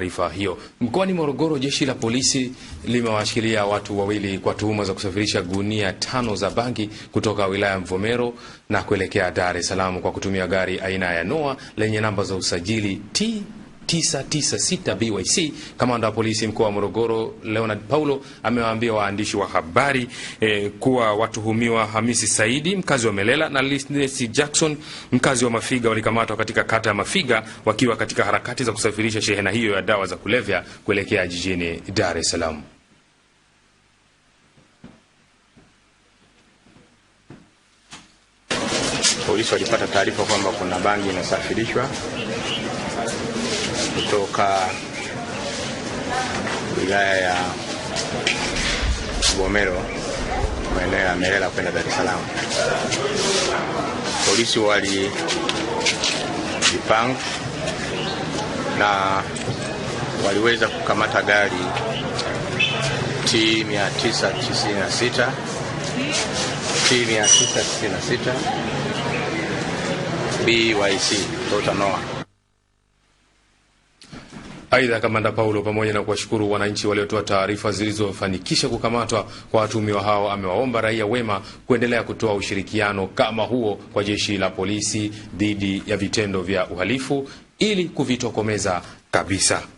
Taarifa hiyo. Mkoani Morogoro, jeshi la polisi limewashikilia watu wawili kwa tuhuma za kusafirisha gunia tano za bangi kutoka wilaya ya Mvomero na kuelekea Dar es Salaam kwa kutumia gari aina ya Noah lenye namba za usajili T 996 BYC. Kamanda wa polisi mkoa wa Morogoro Leonard Paulo amewaambia waandishi wa habari e, kuwa watuhumiwa Hamisi Saidi mkazi wa Melela na Linesi Jackson mkazi wa Mafiga walikamatwa katika kata ya Mafiga wakiwa katika harakati za kusafirisha shehena hiyo ya dawa za kulevya kuelekea jijini Dar es Salaam. Polisi walipata taarifa kwamba kuna bangi inasafirishwa kutoka wilaya ya Bomero maeneo ya Merela kwenda Dar es Salaam. Polisi walijipanga na waliweza kukamata gari T 996 T 996 BYC Toyota Noah Aidha, kamanda Paulo, pamoja na kuwashukuru wananchi waliotoa taarifa zilizofanikisha kukamatwa kwa watuhumiwa hao, amewaomba raia wema kuendelea kutoa ushirikiano kama huo kwa jeshi la polisi dhidi ya vitendo vya uhalifu ili kuvitokomeza kabisa.